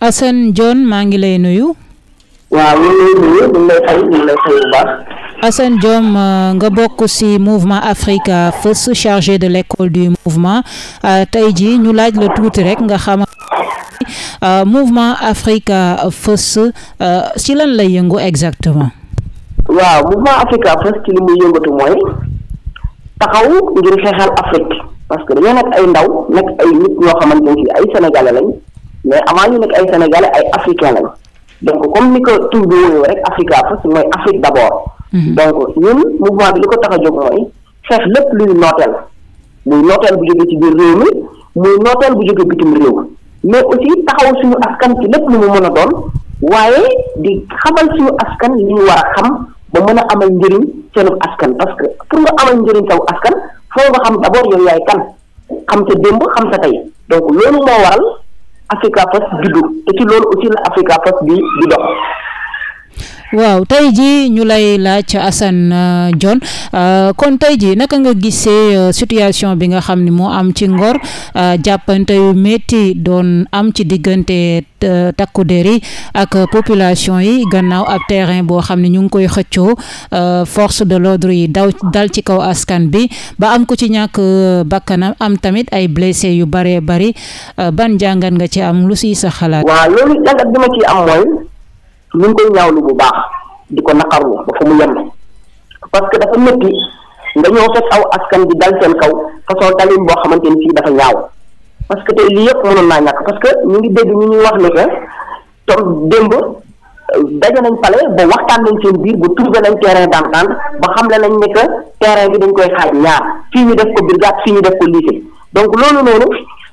Assane Dione maa ngi lay nuyu. waaw ñu ngi nuyu ñu ngi lay fay ñu ngi lay fay bu baax. Assane euh, nga bokk ci Mouvement Africa First chargé de l'école du mouvement euh, tey jii ñu laaj la tuuti rek nga xam euh, Mouvement Africa First ci lan lay yëngu exactement. waaw Mouvement Africa First ci li muy yëngatu mooy taxaw ngir xeexal Afrique parce que dañoo nekk ay ndaw nekk ay nit ñoo xamante ne ay sénégalais lañ. mais avant ñu nekk ay sénégalais ay africain lañu donc comme ni ko tur bi wóyoo rek Africa First mooy Afrique d'abord. Mhm. donc ñun mouvement bi li ko tax a jóg mooy xeex lépp luy nooteel muy nooteel bu jógee ci biir réew mi muy nooteel bu jógee bitim réew mais aussi taxaw suñu askan ci lépp lu mu mën a doon waaye di xamal suñu askan li ñu war xam ba mën a amal njëriñ seenu askan parce que pour nga amal njëriñ saw askan foo nga xam d'abord yow yaay kan xam sa démb xam sa tey donc loolu Africa First juddu te ci loolu aussi la Africa First bi di dox waaw tey jii ñu lay laaj Assane euh, jon euh, kon tey jii naka nga gisee euh, situation bi nga xam ni moo am ci Ngor jàppante yu métti doon am ci diggante takku der ak population yi gannaaw ab terrain boo xam ne ñu ngi koy xëccoo force de l'ordre yi daw dal ci kaw askan bi ba am ku ci ñàkk bakkanam am tamit ay blessé yu bare bari ban jàngat nga ci am lu siy sa xalaat. waaw loolu jàngat bi ma ciy am mooy. ñu ngi ñaaw ñaawlu bu baax di ko naqarlu ba fa mu yem parce que dafa métti nga ñëw fekk aw askan bi dal seen kaw façon dalin boo xamante ni fii dafa ñaaw parce que tey yëpp mënoon naa parce que ñu ngi dégg ñu ñuy wax ne que tom démb euh, daje nañ pale ba waxtaan nañ seen biir ba trouvé nañ terrain ba xamle nañ ne bi dañ koy xaaj ñaar fii ñu def ko brigade fii ñu def ko donc loolu noonu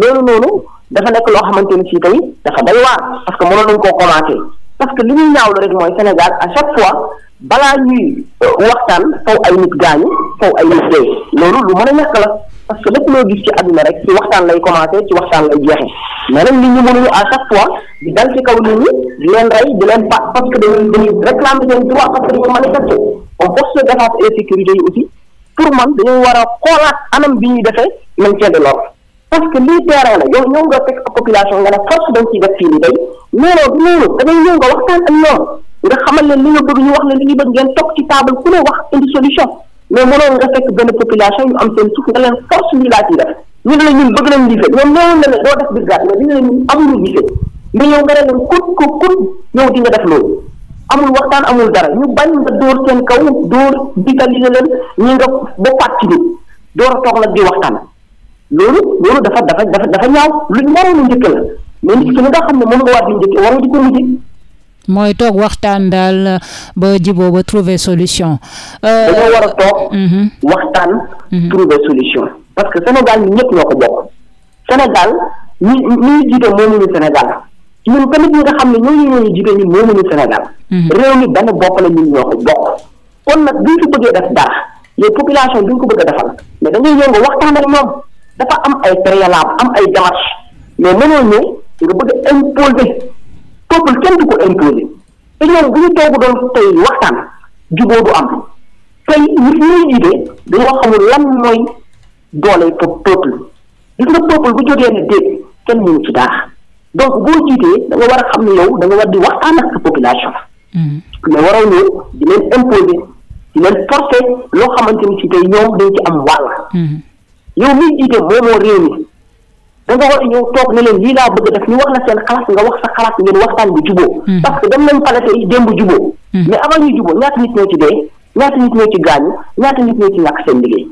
loolu nekk loo xamante ni fii tamit dafa day waar parce que mënoon nañ koo commencé parce que li ñu ñaawlu rek mooy Sénégal à chaque fois balaa ñuy euh, waxtaan faw ay nit gaañu faw ay nit dee loolu lu mën a ñàkk la parce que lépp loo gis ci àdduna rek ci waxtaan lay commencé ci waxtaan lay jeexe mais nag nit ñi à chaque fois di dal ci kaw nit ñi di leen rey di leen pa parce que dañuy dañuy réclamer seen droit parce que dañoo manifester on et sécurité yi aussi pour man dañoo war a xoolaat anam bi ñuy defee nañ cee de parce que lii terrain la yow ñëw nga fekk population nga ne force dañ ciy def fii nii day looloo du loolu da nga waxtaan ak li ñu wax leen li ñu bëgg ngeen toog ci table ku ne wax indi solution mais mënoon nga fekk benn population yu am seen suuf nga leen force lii laa ciy def ñu ne la ñun bëgg nañ gisee na ne doo def brigade mais ñu ne la ñun amuñu gisee nga ñëw nga ne kut ko kut yow di nga def loolu amul waxtaan amul dara ñu bañ nga dóor seen kaw dóor digal li nga leen ñi nga ba fàttali door a toog di waxtaan loolu loolu dafa dafa dafa dafa ñaaw luñ waroon a njëkk la mais njëkk nga xam ne moom nga war di njëkk ko mooy toog waxtaan daal ba jiboo ba trouver solution. Euh, dañoo war a toog. Mhm. waxtaan. Mhm. trouver solution. parce que Sénégal ñun ñëpp ñoo ko bokk. Sénégal ñi ñi jiite moomuñu Sénégal ñun tamit ñi nga xam ne ñooñu ñoo ñu jiite ñun moomuñu Sénégal. Mhm. réew mi benn bopp la ñun ñoo ko bokk. kon nag buñ fi bëggee def dara yow population duñ ko bëgg a defal mais da ngay waxtaan ak moom dafa am ay préalable am ay démarche mais me ñëw nga bëgg a imposer kenn du ko imposer te ñoom bu ñu toogu doon tey waxtaan juboo du am tey nit ñuy jiite dañoo xamul lan mooy doole peuple gis nga peuple bu jógee ne déet kenn mënu ci dara donc boo jiitee da war a xam ne yow da nga war di waxtaan ak sa population mm-hmm. mais waroo ñëw di leen imposer leen forcer loo xamante ni ci tey ñoom dañ ci am wàll mm-hmm. yow miy jiite moomoo réew mi da nga war a laa bëgg def ñu wax na seen xalaat nga wax sa xalaat ngeen waxtaan bu juboo hmm. parce que dem nañ pale tey démb juboo hmm. mais avant ñuy juboo ñaata nit ñoo ci dee ñaata nit ñoo ci gaañu ñaata nit ñoo ci ñàkk seen liggéey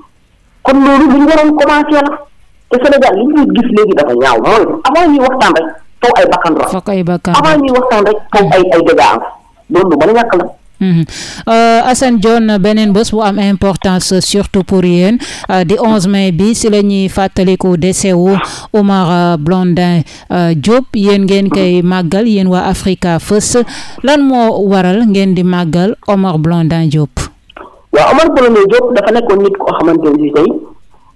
kon loolu lu ñu waroon commencé la te Sénégal li ñu gis léegi dafa ñaaw mooy avant ñuy waxtaan rek taw ay bakkan ra avant ñuy waxtaan rek taw ay ay dégâts am loolu lu a ñàkk la Mhm. Euh, Assane Dione beneen bés bu am importance surtout pour yéen euh, di 11 mai bi si la ñuy fàttaliku décès wu Omar euh, Blondin Diop yéen ngeen koy màggal yéen waa Africa First lan moo waral ngeen di màggal Omar Blondin Diop. waaw Omar Blondin Diop dafa nekkoon nit koo xamante ne tey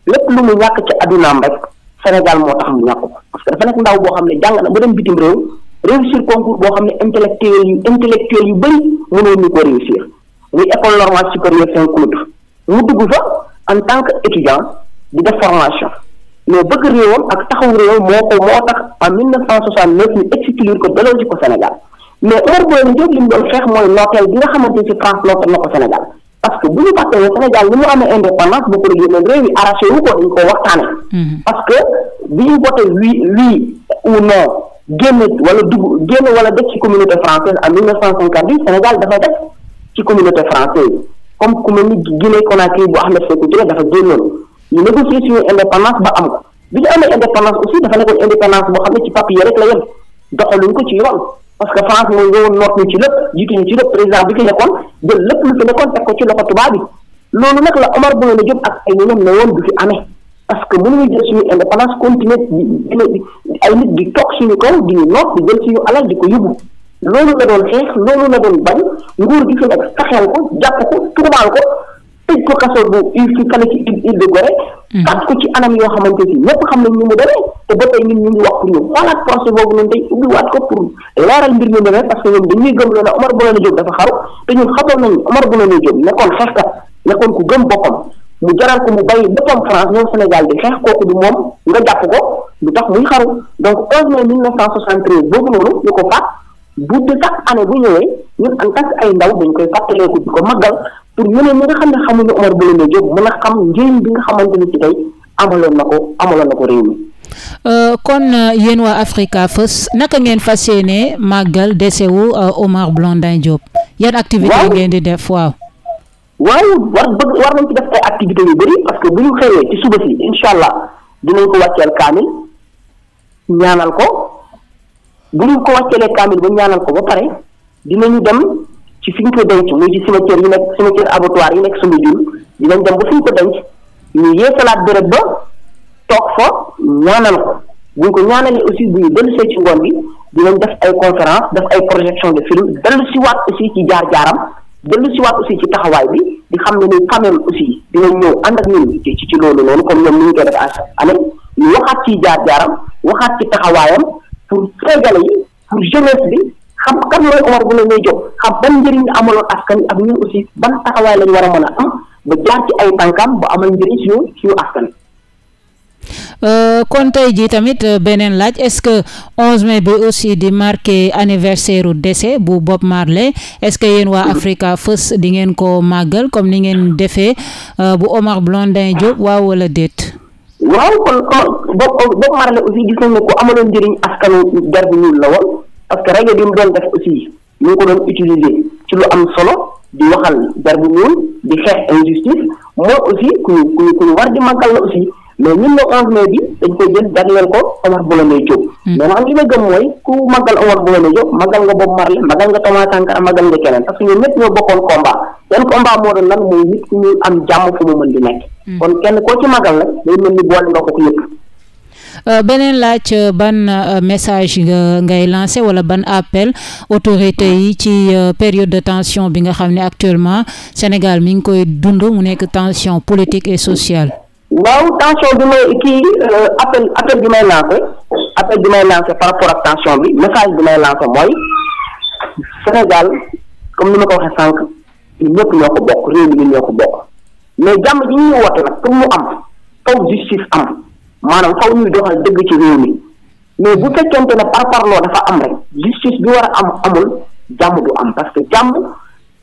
lépp lu mu ñàkk ci addunaam rek Sénégal moo tax mu ñàkk ko dafa nekk ndaw boo xam ne jàng na ba dem bitim réew. réussir concours boo xam ne intellectuel yu intellectuel yu bëri mënoon ko réussir muy école normale supérieure Saint-Cloud mu dugg fa en tant que étudiant di def formation mais bëgg réewam ak taxaw réewam moo ko moo tax en 1969 ñu exclure ko delloo ci ko Sénégal mais Omar Blondin Diop li mu doon xeex mooy nooteel bi nga xamante ci France nootal na ko Sénégal parce que bu ñu fàtte ne Sénégal ni mu amee indépendance ba ko yéneen réew yi arraché ko mm-hmm. parce que bi ñu voté oui oui génn wala dugg génn wala def ci communauté française en mille neuf cent cinquante huit Sénégal dafa def ci communauté française comme ku mel ni Guinée Conakry bu Ahmed Sékou Touré dafa génnoon ñu négocier suñu indépendance ba am ko bi indépendance aussi dafa nekkoon indépendance boo ci papier la yem doxaluñ ko ci yoon parce que France mooy ñëwoon noot ñu ci lépp jiitu ñu ci lépp président bi fi nekkoon jël lépp lu fi nekkoon teg ko ci ak ay ne woon du fi amee ay nit di toog suñu kaw di ñu noot di jël suñu alal di ko yóbbu loolu la doon xeex loolu la doon bañ nguur gi fi nekk fexeel ko jàpp ko tuumaal ko tëj ko kaso bu de Gorée hmm. kat ko ci anam yoo xamante ni ñëpp xam nañ ni mu demee te ba tey ñun ñu ngi wax boobu noonu tey ubbiwaat ko pour leeral mbir mi demee parce que ñoom dañuy gëm loo ne Omar Blondin Diop dafa xaru te ñun xamoon nañu Omar Blondin Diop nekkoon xeexkat nekkoon ku gëm boppam mu jaral ko mu bay boppam France ñoom Sénégal di xeex kooku du moom nga jàpp ko bu tax muy xaru donc 11 mai 1973 boobu noonu ñu ko faat bu de chaque année bu ñëwee ñun en tant que ay ndaw dañ koy fàttaleeku di ko màggal pour ñeneen ñi nga xam ne xamuñu Omar Blondin Diop a xam njëriñ bi nga xamante ni ci amaloon na ko amaloon na ko réew mi. Euh, kon euh, yéen waa Africafos naka ngeen fas yéenee màggal décès wu euh, Omar Blondin Diop. yan activité ngeen di def waaw. waaw war bëgg war nañ ci def ay activités yu bëri parce que bu ñu xëyee ci suba si incha allah dinañ ko wàcceel kaamil ñaanal ko bu ñu ko wàcceelee kaamil ba ñaanal ko ba pare dinañu dem ci fi ñu ko denc muy ci cimetière yi nekk cimetière abattoir yi nekk suñu jur dinañ dem ba fi ñu ko denc ñu yeesalaat béréb ba toog fa ñaanal ko bu ñu ko ñaanalee aussi bu ñu dellu ci ngoon bi dinañ def ay conférence def ay projection de film dellu si waat aussi ci jaar-jaaram dellu si aussi ci taxawaay bi di xam ne ni quand aussi dinañ ñëw ànd ak ñun ci ci loolu noonu comme ñoom ni ñu koy def à waxaat ci jaar-jaaram waxaat ci taxawaayam pour Sénégalais yi pour jeunesse bi xam kan mooy bu Boun Lay Diop xam ban njëriñ la amaloon askan ak ñun aussi ban taxawaay lañ war a mën a am ba jaar ci ay tànkam ba amal njëriñ suñu suñu askan. Euh, kon tey jii tamit euh, beneen laaj est-ce que 11 mais bi aussi di marqué anniversaire u bu Bob Marley est-ce que yéen waa Africafest di ngeen ko màggal comme ni ngeen defee euh, bu Omar Blondin Diop waaw wala déet. waaw kon Bob Marley aussi gis nañ ne ku amaloon njëriñ askanu der bu ñuul la woon parce que rajo bi mu doon def aussi ñu ngi ko doon utiliser ci lu am solo. di waxal der ñuul di xeex injustice mooy aussi ku ku ku war di màggal la mais ñun la onze mai bi dañ koy jël jagleel ko Omar Blondin Diop. Hmm. mais ma gëm mooy ku magal Omar Blondin a magal nga Bob Marley magal nga Thomas Sankara magal nga keneen parce que ñun ñëpp ñoo bokkoon combat seen combat moo doon lan mooy nit ñu am jàmm fu mu mën di nekk. Hmm. kon kenn koo ci magal la day mel euh, laaj euh, ban euh, message ngay lancé wala ban appel autorité yi ci période de tension bi nga xam ne actuellement Sénégal mi ngi koy dund mu nekk tension politique et sociale. waaw tension bi may kii euh, appel appel bi may lancé appel bi may lancé par rapport ak tension bi message bi may lancé mooy Sénégal comme ni ma ko waxee sànq ñun ñëpp ñoo ko bokk réew mi ñoo ko bokk mais jàmm ji ñuy woote nag pour mu am faw justice am maanaam faw ñuy doxal dëgg ci réew mi mais bu fekkente ne par parloo dafa am rek justice bi war a am amul jàmm du am parce que jàmm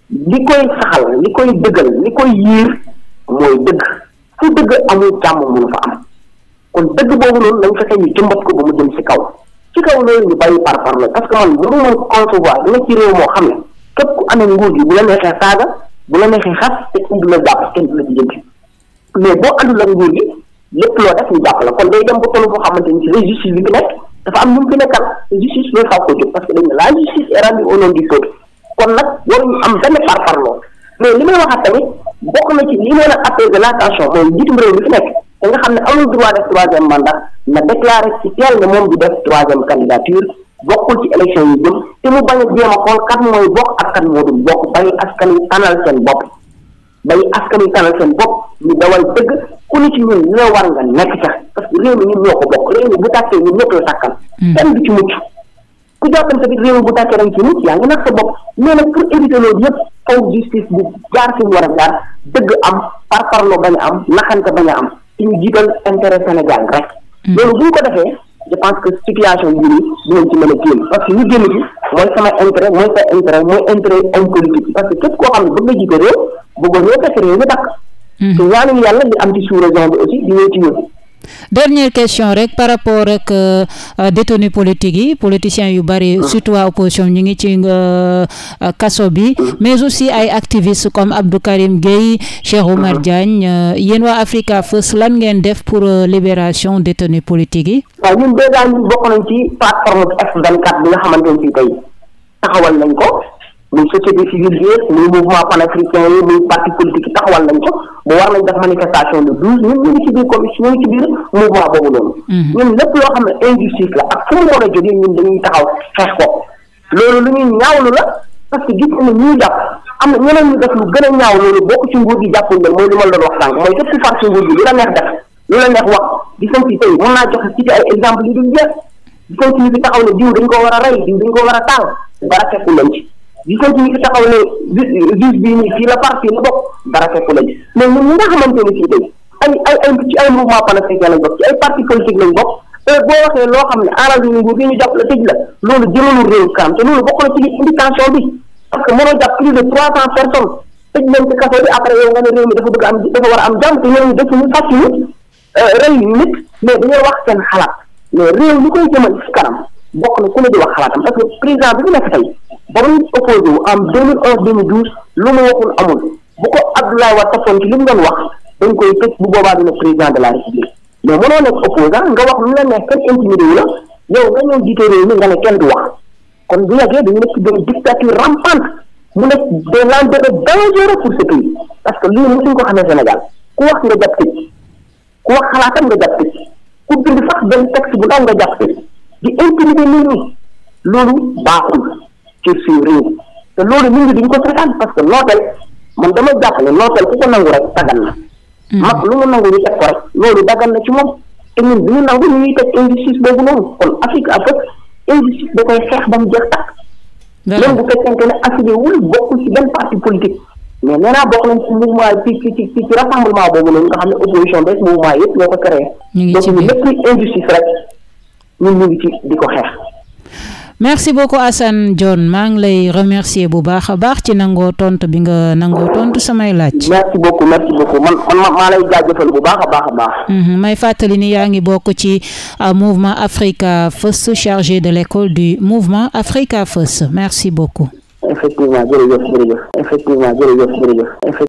li koy saxal li koy dëggal li koy yiir mooy dëgg. fu dëgg amul jàmm mënu fa am kon dëgg boobu noonu lañ fexe ñu jëmbat ko ba mu jëm ci kaw ci kaw loolu ñu bàyyi par par la parce que man mënu ma concevoir nga moo xam ne képp ku amee nguur gi bu la neexee saaga bu la neexee lépp loo def ñu la kon day dem ba toll foo xamante ni ci nekk dafa am lu mu fi nekkal justice loolu xaw ko jóg parce que dañ la justice est rendue au nom du peuple kon nag waruñu am benn par parloo mais li may waxaat tamit bokk na ci li mën a apaiser la tension mooy njiitum réew bi fi nekk te nga xam ne amul droit def troisième mandat na déclaré ci teel ne moom du def troisième candidature bokkul ci élection yu jëm te mu bañ a jéem a xool kat mooy bokk ak kat moo dul bokk bàyyi askan wi tànnal seen bopp bàyyi askan wi tànnal seen bopp ñu dawal dëgg ku ni ci ñun ñoo war nga nekk ca parce que réew mi ñun ñoo ko bokk réew mi bu tàkkee ñun ñëpp la hmm. du ci ku jàppale tamit réew bu tàkkee rek ci nit yaa ngi nag sa bopp mais nag pour éviter loolu yëpp faw justice bu jaar fi mu war a jaar dëgg am par parlo bañ a am naxante bañ a am ci ñu jiital intérêt Sénégal rek. Mm. loolu bu ñu ko defee je pense que situation bii nii dinañ ci mën a génn parce que ñu génn ci mooy sama intérêt mooy sa intérêt mooy intérêt homme politique parce que képp koo xam ne bëgg nga jiite réew bëggoon ñoo fekk réew mi dakk. Mm. te ñaanuñu yàlla li am dernière question rek par rapport ak euh, euh, détenu politique yi politiciens yu bari mm. surtout waa opposition ñu ngi ci nga euh, kaso bi mm. mais aussi ay activistes comme Abdou Karim Gueye Cheikh Oumar mm-hmm. Diagne yéen waa Africa First lan ngeen def pour libération détenu politique yi waaw ñun dèjà ñun bokk nañ ci plateforme bi F24 bi nga xamante ne tey taxawal nañ ko muy société civile bi muy mouvement panafricain yi muy parti politique taxawal nañ ko bu war nañ def manifestation de douze ñun ñu ngi ci ci biir mouvement boobu noonu. Mhm. ñun lépp xam ne injustice la ak fu mu mën a jógee ñun jàpp def lu gën a ñaaw loolu bokk ci nguur gi jàppul leen mooy li ma la wax sànq mooy képp ku far ci nguur gi lu la neex def lu la neex wax gis nañ ci naa joxe ci ay exemple yu dul jeex gis nañ ci ñu taxaw ne diw dañ ko war a rey diw dañ ko war a tàng dara fekkul leen ci gisal ci ñu fi taxaw ne juge bii nii fii la parti la bokk dara fekk la gis mais ñun ay ay ay ci ay mouvement panafricain lañ ay parti politique lañ bokk te boo waxee loo xam ne arrangé ñu nguur gi ñu jàpp la tëj la loolu jëmalul réew kanam te loolu bokk na ci li indication bi bi après yow nga ne mi dafa bëgg am dafa war a am jàmm te ñooñu defuñu fàcc ñu euh, rey nit mais dañoo koy jëmal kanam bokk na ku ne di wax xalaatam parce que président bi mu nekk tey ba muy opposé wu en deux mille onze deux mille douze lu mu waxul amul bu ko Abdoulaye Wade toppoon ci li mu doon wax dañ koy tëj bu boobaa dina président de la république mais mënoo nekk nga wax lu la neex kenn intimidé wu la yow nga ñëw jiite réew mi ne kenn du wax kon bu yàggee dañu nekk benn dictature rampante mu nekk des lendemains dangereux pour ce pays parce que lii mosuñ ko xamee Sénégal ku wax nga jàpp tëj ku wax xalaatam nga jàpp tëj ku bind sax benn texte bu ndaw nga di intimider nit ñi loolu baaxul ci suñu réew te loolu nit ñi duñ ko seetaan parce que nooteel man dama jàpp ne nooteel ku ko nangu rek dagan na. Mm. mag lu mu nangu ñu teg ko rek loolu dagan na ci moom te ñun bu ñu nangu ñu ngi teg injustice boobu noonu kon Afrique en injustice da koy xeex ba mu jeex tàkk. même bu fekkente ne affilié wul bokkul ci benn parti politique. mais boobu noonu nga xam ne opposition beeg mouvement yëpp ñoo ko créé. ñu ngi ci biir donc lépp injustice rek. merci beaucoup Assane Dione maa ngi lay remercier bu baax a baax ci nangoo tontu bi nga nangoo tontu samay laaj. merci beaucoup merci beaucoup man maa lay jaajëfal bu baax a baax mm-hmm. may fàttali ni yaa ngi bokk ci euh, mouvement Africa First chargé de l'école du mouvement Africa First merci beaucoup. effectivement jërëjëf jërëjëf effectivement jërëjëf jërëjëf.